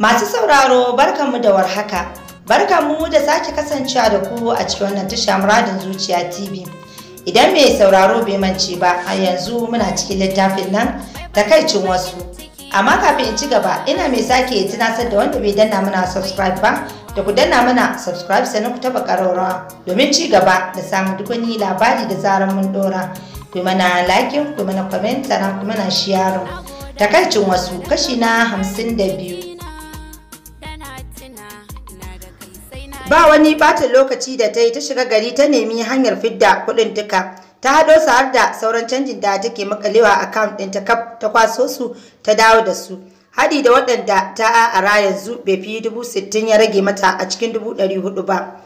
Masu sauraro barkanmu da warhaka. Barkanmu da sake kasancewa da ku a cikin wannan tasha muradin zuciya TV. Idan mai sauraro bai mance ba, a yanzu muna cikin littafin nan takaicin wasu. Amma kafin in ci gaba, ina mai sake tunasar da wanda bai danna mana subscribe ba, da ku danna mana subscribe sannan ku taba ƙararrawa domin ci gaba da samun duk wani labari da zarar mun dora. Ku mana liking, ku mana comment, sannan ku mana sharing. Takaicin wasu kashi na hamsin da biyu. ba wani ɓacin lokaci da ta yi ta shiga gari ta nemi hanyar fidda kuɗin duka ta haɗo su har da sauran canjin da take makalewa account ɗin ta ta kwaso su ta dawo da su haɗi da waɗanda ta ara yanzu bai fi dubu sittin ya rage mata a cikin dubu ɗari hudu ba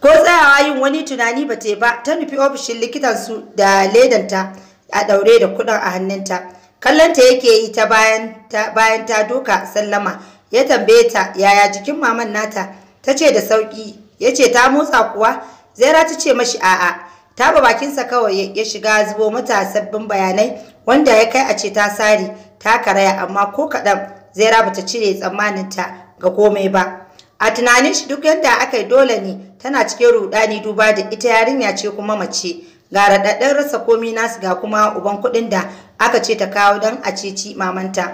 ko tsayawa yin wani tunani ba ba ta nufi ofishin likitan su da ledanta a ɗaure da kuɗin a hannunta kallonta yake yi ta bayan ta doka sallama ya tambaye ta yaya jikin maman nata ta ce da sauƙi ya ce ta motsa kuwa zaira ta ce mashi a'a taba bakinsa kawai ya shiga zubo mata sabbin bayanai wanda ya kai a ce ta sari ta karaya amma ko kaɗan zaira bata cire tsammaninta ga komai ba a tunanin shi duk yadda aka yi dole ne tana cikin rudani duba da ita yarinya ce kuma mace ga raɗaɗɗen rasa komi nasu ga kuma uban kuɗin da aka ce ta kawo don a ceci mamanta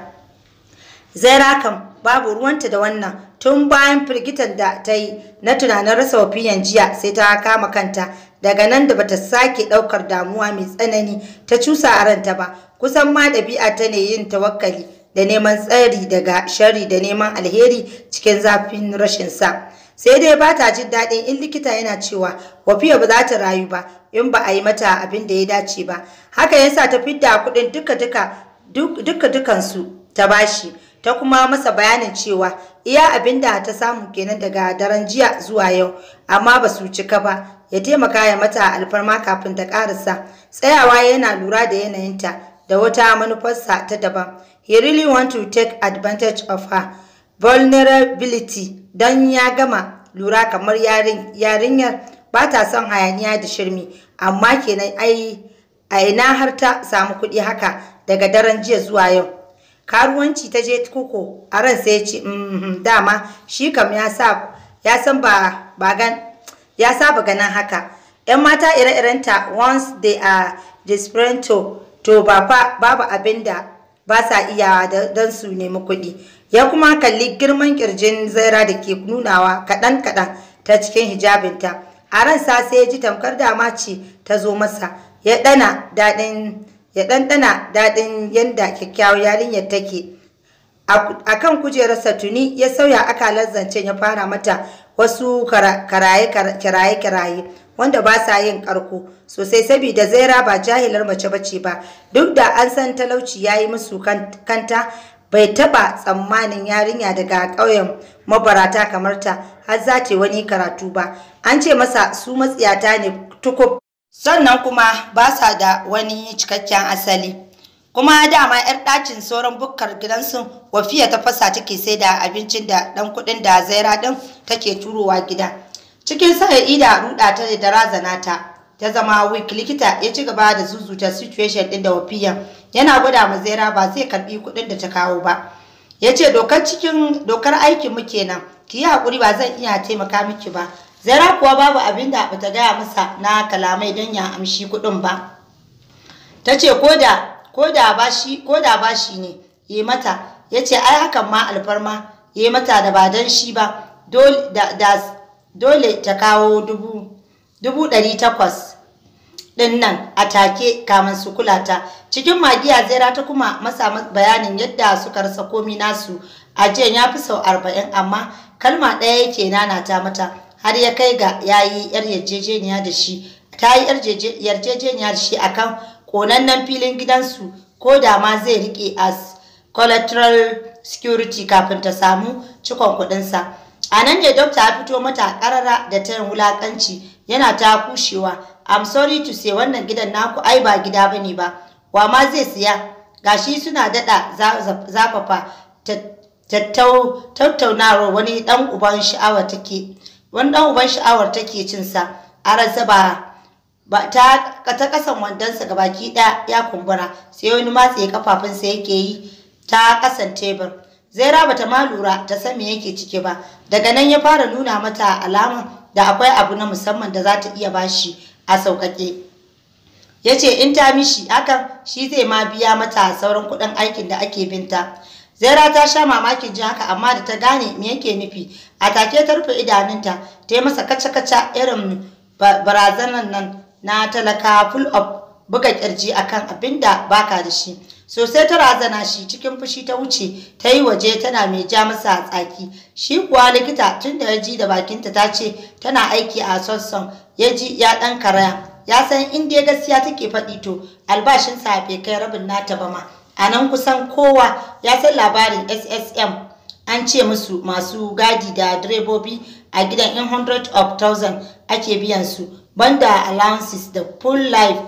zaira kam babu ruwanta da wannan tun bayan firgitar da ta yi na tunanin rasa wafiyan jiya sai ta kama kanta daga nan da bata sake ɗaukar damuwa mai tsanani ta cusa a ranta ba kusan ma ɗabi'a ta ne yin tawakkali da neman tsari daga shari da neman alheri cikin zafin rashin sa sai dai ba ta jin daɗin in likita yana cewa wafiya ba za ta rayu ba in ba a yi mata abin da ya dace ba haka yasa ta fidda kuɗin duka-duka duka-dukansu ta bashi ta kuma masa bayanin cewa iya abinda ta samu kenan daga daren jiya zuwa yau amma ba su cika ba ya taimaka ya mata alfarma kafin ta karasa tsayawa yana lura da yanayinta da wata manufarsa ta daban he really want to take advantage of her vulnerability don ya gama lura kamar yarinyar ba ta son hayaniya da shirmi amma kenan ai a ina har ta samu kuɗi haka daga daren jiya zuwa yau karuwanci ta je koko a ran sai ya ce mm-hmm, dama shi kam ya sa ya san ba gan ya saba ganin haka yan mata ire-irenta once they are desperate to to ba fa babu abin da ba sa iya don su nemi kuɗi ya kuma kalli girman kirjin zaira da ke nunawa kaɗan-kaɗan ta cikin hijabinta a ransa sai ya ji tamkar dama ce ta zo masa ya ɗana daɗin ya ɗanɗana daɗin yadda kyakkyawar yarinyar take a kan kujerarsa tuni ya sauya akalar zancen ya fara mata wasu kiraye-kiraye wanda ba sa yin ƙarko, sosai saboda zaira ba jahilar mace bace ba duk da an san talauci ya yi musu kanta bai taba tsammanin yarinya daga ƙauyen mabarata kamar ta har za ta wani karatu ba an ce masa su matsiyata ne tukub sannan kuma ba sa da wani cikakken asali kuma dama yar ɗakin sauran bukkar gidansu wafiya ta fasa take sai da abincin da 'dan kuɗin da zaira ɗin take turowa gida cikin sa'i ida ruɗa ta da razana ta ta zama wik likita ya ci gaba da zuzuta situation ɗin da wafiya yana gwada ma zaira ba zai karɓi kuɗin da ta kawo ba ya ce dokar cikin dokar aikin mu kenan ki yi haƙuri ba zan iya taimaka miki ba zaira kuwa babu abin da ta gaya masa na kalamai don ya amshi kuɗin ba ta ce ko da ba shi ne yi mata ya ce ai hakan ma alfarma yi mata da ba don shi ba dole ta kawo dubu ɗari takwas ɗin nan a take kamin su kula ta cikin magiya zaira ta kuma masa bayanin yadda suka rasa komi nasu ajiyan ya fi sau arba'in amma kalma ɗaya yake ta mata har ya kai ga yayi yar yarjejeniya da shi ta yi yarjejeniya da shi akan konannen filin gidansu ko da ma zai rike as collateral security kafin ta samu cikon kuɗinsa a nan ne dokta ya fito mata karara da tayin wulaƙanci yana ta kushewa i'm sorry to say wannan gidan naku ai ba gida bane ba wa ma zai siya gashi suna daɗa zafafa tattaunawar wani ɗan uban sha'awa take wani ɗan uban sha'awar take cin sa a ransa ba ta ta kasan wandonsa ga baki ɗaya ya kumbura sai wani matse kafafunsa yake yi ta kasan tebur zaira bata ma lura ta san me yake cike ba daga nan ya fara nuna mata alama da akwai abu na musamman da za ta iya bashi a sauƙaƙe ya ce in ta mishi hakan shi zai ma biya mata sauran kuɗin aikin da ake binta zaira ta sha mamakin ji haka amma da ta gane me yake nufi a take ta rufe idanunta ta yi masa kaca-kaca irin barazanan nan na talaka full of buga kirji akan abin da baka da shi sosai ta razana shi cikin fushi ta wuce ta yi waje tana mai ja masa tsaki shi kuwa likita tun da ya ji da bakinta ta ce tana aiki a sosson ya ji ya ɗan karaya ya san in dai gaskiya take faɗi to albashinsa bai kai rabin nata ba ma a nan kusan kowa ya san labarin ssm an ce musu masu gadi da direbobi a gidan in hundred of thousand ake biyan su banda allowances da full life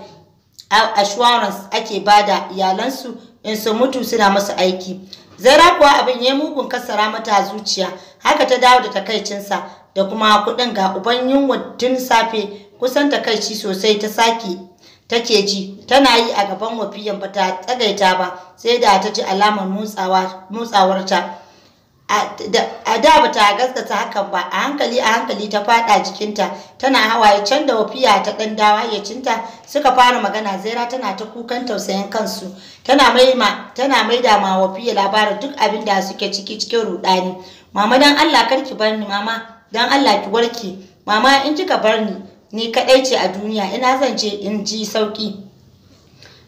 assurance ake bada iyalansu in su mutu suna masu aiki zara kuwa abin ya mugun kasara mata zuciya haka ta dawo da takaicinsa da kuma kuɗin ga uban yunwa tun safe kusan takaici sosai ta sake take ji tana yi a gaban wafiyan ba ta tsagaita ba sai da ta ji alamar motsawarta a da ba ta gaskata hakan ba a hankali a hankali ta fada jikinta tana hawaye can da wafiya ta dan dawa yacinta suka fara magana zaira tana ta kukan tausayin kansu tana maima tana maida ma wafiya labarin duk abin da suke ciki cikin rudani mama dan Allah karki bar ni mama dan Allah ki warke mama in kika bar ni ni kaɗai ce a duniya ina zan je in ji sauƙi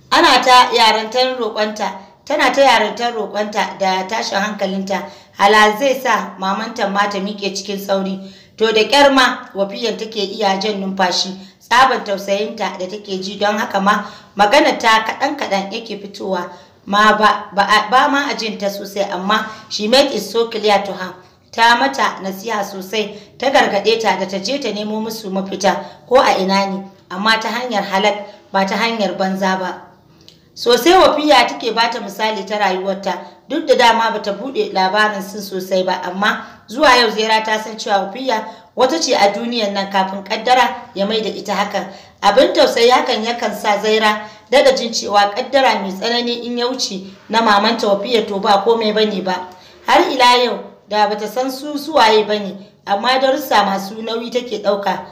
ana ta yarantar roƙonta tana ta yarantar roƙonta da tashin hankalinta hala zai sa mamanta ma ta miƙe cikin sauri to da ƙyar ma wafiyar take iya jan numfashi tsaban tausayinta da take ji don haka ma magana ta kaɗan kaɗan yake fitowa ma ba, ma a jinta sosai amma she made it so clear to her ta mata nasiha sosai ta gargaɗe ta da ta je ta nemo musu mafita ko a ina ne amma ta hanyar halak ba ta hanyar banza ba sosai wafiya take bata misali ta rayuwarta duk da dama bata buɗe labarin sun sosai ba amma zuwa yau zaira ta san cewa wafiya wata ce a duniyan nan kafin kaddara ya mai da ita hakan abin tausayi hakan yakan sa zaira daga jin cewa kaddara mai tsanani in ya wuce na mamanta wafiya to ba komai bane ba har ila yau da ta san su suwaye ba ne amma darussa masu nauyi take ɗauka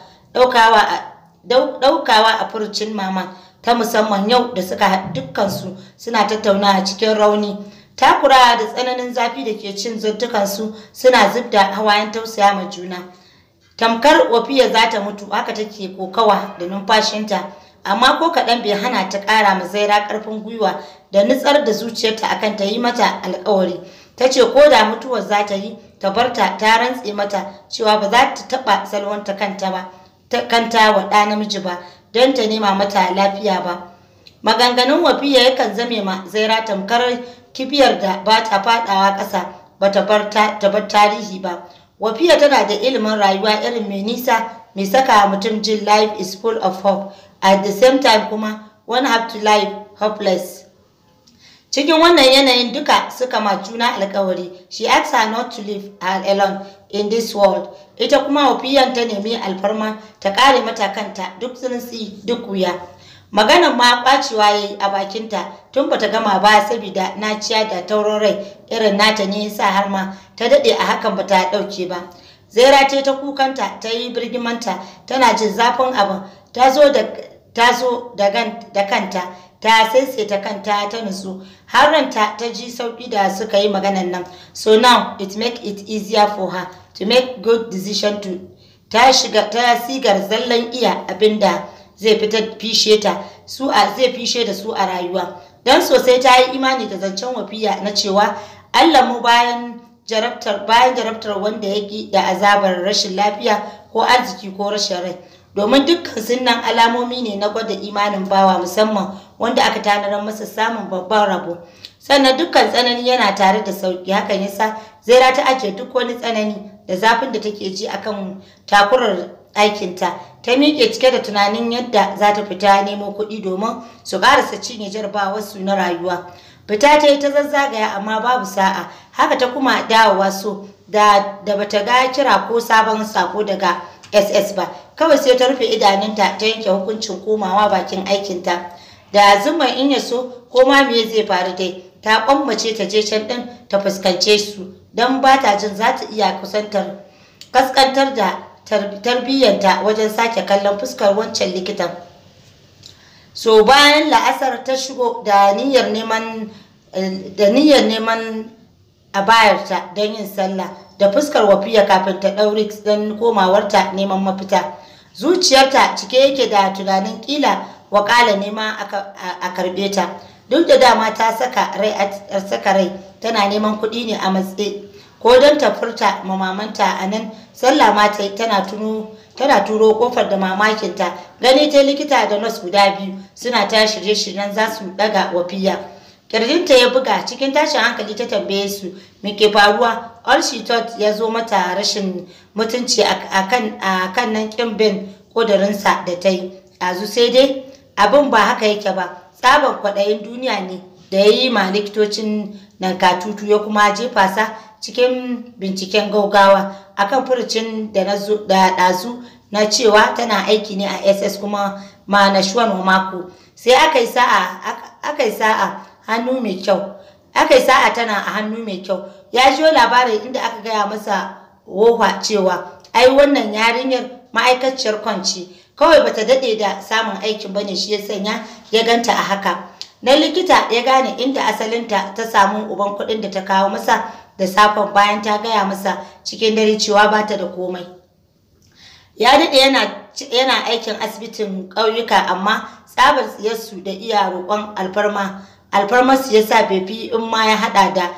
ɗaukawa a furucin mama ta musamman yau da suka dukkan dukkansu suna tattaunawa cikin rauni takura da tsananin zafi da ke cin su suna zubda hawayen tausaya ma juna tamkar wafiya za ta mutu haka take kokawa da numfashinta amma ko kaɗan bai hana ta ƙara ma zaira ƙarfin gwiwa da nutsar da zuciyarta akan ta yi mata alƙawari ta ce ko da mutuwar za ta yi ta bar ta ta rantse mata cewa ba za ta taɓa salwanta kanta ba ta kanta wa ɗa namiji ba don ta nema mata lafiya ba maganganun wafiya yakan zame ma zaira tamkar kibiyar da ba ta faɗawa ƙasa ba ta bar tarihi ba wafiya tana da ilimin rayuwa irin mai nisa mai saka mutum jin life is full of hope at the same time kuma one have to live hopeless Cikin wannan yanayin duka suka ma juna alkawari, she asked her not to live alone in this world. Ita kuma wafiyan ta nemi alfarma ta kare mata kanta duk sinsi duk wuya. Magana ma bacewa ya yi a bakinta tun bata gama ba saboda ciya da tauron rai irin nata ne sa har ma ta daɗe a hakan bata ɗauke ba. Zaira ce ta kukanta ta yi birgimanta tana jin zafin abin ta zo da kanta ta ta kanta ta nutsu har ranta ta ji sauki da suka yi maganan nan so now it make it easier for her to make good decision to ta shiga ta sigar zallan iya abinda zai fitar fishe ta su a zai fishe da su a rayuwa dan sosai ta yi imani da zancen wafiya na cewa Allah mu bayan jarabtar bayan jarabtar wanda yake da azabar rashin lafiya ko arziki ko rashin rai domin dukkan sunan alamomi ne na gwada imanin bawa musamman wanda aka tanarar masa samun babban rabo sannan dukkan tsanani yana tare da sauki hakan yasa zaira ta ajiye duk wani tsanani da zafin da take ji akan takurar aikinta ta miƙe cike da tunanin yadda za ta fita nemo kuɗi domin su ƙarasa cinye jarabawarsu na rayuwa fita ta yi ta zazzagaya amma babu sa'a haka ta kuma dawowa so da da bata ga kira ko sabon sako daga ss ba kawai sai ta rufe idanunta ta yanke hukuncin komawa bakin aikinta da zuma in ya so ko ma me zai faru dai ta kwammace ta je can din ta fuskance su don ba ta jin za ta iya kusantar kaskantar da tarbiyyanta wajen sake kallon fuskar wancan likitan so bayan la'asar ta shigo da niyyar neman a bayarta don yin sallah da fuskar wafiya kafin ta ɗauri don komawarta neman mafita zuciyarta cike yake da tunanin kila wakala ne ma a karbe ta duk da dama ta saka rai a saka rai tana neman kuɗi ne a matse ko don ta furta ma mamanta a nan sallah ma ta tana tana turo kofar da mamakinta gani ta likita da nas guda biyu suna ta shirye-shiryen za su daga wafiya kirjinta ya buga cikin tashin hankali ta tambaye su me faruwa all she thought ya zo mata rashin mutunci a kan nan kin bin kodarinsa da ta yi azu sai dai abin ba haka yake ba tsaban kwaɗayin duniya ne da ya yi ma likitocin nan katutu ya kuma jefa sa cikin binciken gaugawa akan furucin da na ɗazu na cewa tana aiki ne a ss kuma ma na shuwan mako sai aka yi sa'a hannu mai kyau aka sa'a tana a hannu mai kyau ya jiyo labarin inda aka gaya masa wofa cewa ai wannan yarinyar ma'aikaciyar kwanci kawai bata dade da samun aikin bane shi ya sanya ya ganta a haka na likita ya gane inda asalinta ta samu uban kuɗin da ta kawo masa da safan bayan ta gaya masa cikin dare cewa bata da komai ya dade yana yana aikin asibitin ƙauyuka amma tsabar tsiyarsu da iya roƙon alfarma alfarma ya sa bebi in ma ya haɗa da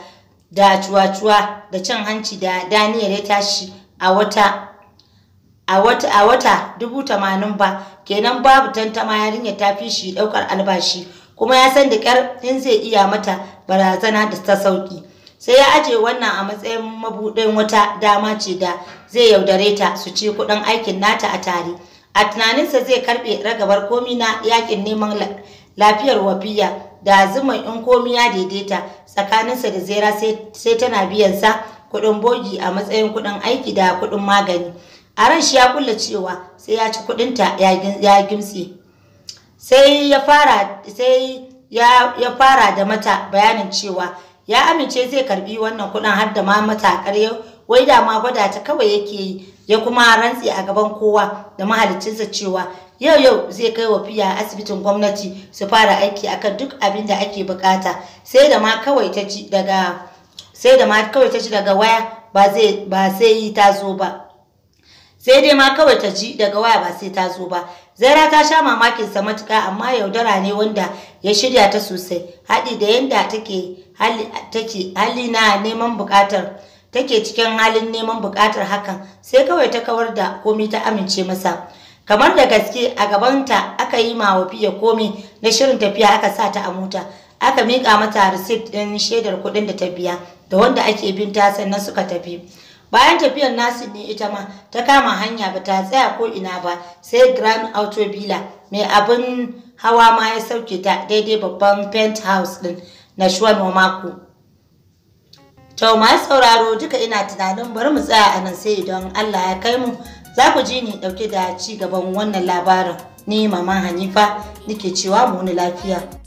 da cuwa-cuwa da cin hanci da daniyar ya tashi a wata a wata a wata dubu tamanin ba kenan babu tantama yarinya ta fi shi ɗaukar albashi kuma ya san da kyar in zai iya mata barazana da ta sauki sai ya aje wannan a matsayin mabuɗin wata dama ce da zai yaudare ta su ci kuɗin aikin nata a tare a tunaninsa zai karɓe ragabar komi na yakin neman lafiyar wafiya da zuma in komi ya daidaita tsakaninsa da zera sai tana biyan sa kuɗin bogi a matsayin kuɗin aiki da kuɗin magani a ran shi ya kulle cewa sai ya ci kuɗinta ya gimtse sai ya fara sai ya fara da mata bayanin cewa ya amince zai karbi wannan kuɗin har da ma mata ƙarya wai da ma gwada ta kawai yake yi ya kuma rantse a gaban kowa da mahalicinsa cewa yau yau zai kai wa fiya asibitin gwamnati su fara aiki akan duk abin da ake bukata sai da ma kawai ta ci daga sai da ma kawai ta ci daga waya ba zai ba sai ta zo ba sai dai ma kawai ta ji daga waya ba sai ta zo ba zaira ta sha mamakin sa matuka amma yaudara ne wanda ya shirya ta sosai haɗi da yanda take take hali na neman buƙatar take cikin halin neman buƙatar hakan sai kawai ta kawar da komi ta amince masa kamar da gaske a gabanta aka yi ma wafiya komi na shirin tafiya aka sa ta a mota aka miƙa mata receipt ɗin shaidar kuɗin da ta biya da wanda ake bin ta sannan suka tafi bayan tafiyar nasu ne ita ma ta kama hanya ba ta tsaya ko ina ba sai grand automobila mai abin hawa ma ya sauke ta daidai babban penthouse din na shuwan mako to masu sauraro duka ina tunanin bari mu tsaya a nan sai idan allah ya kai mu za ku ji ni dauke da ci gaban wannan labarin ni mama hanifa nike cewa mu ni lafiya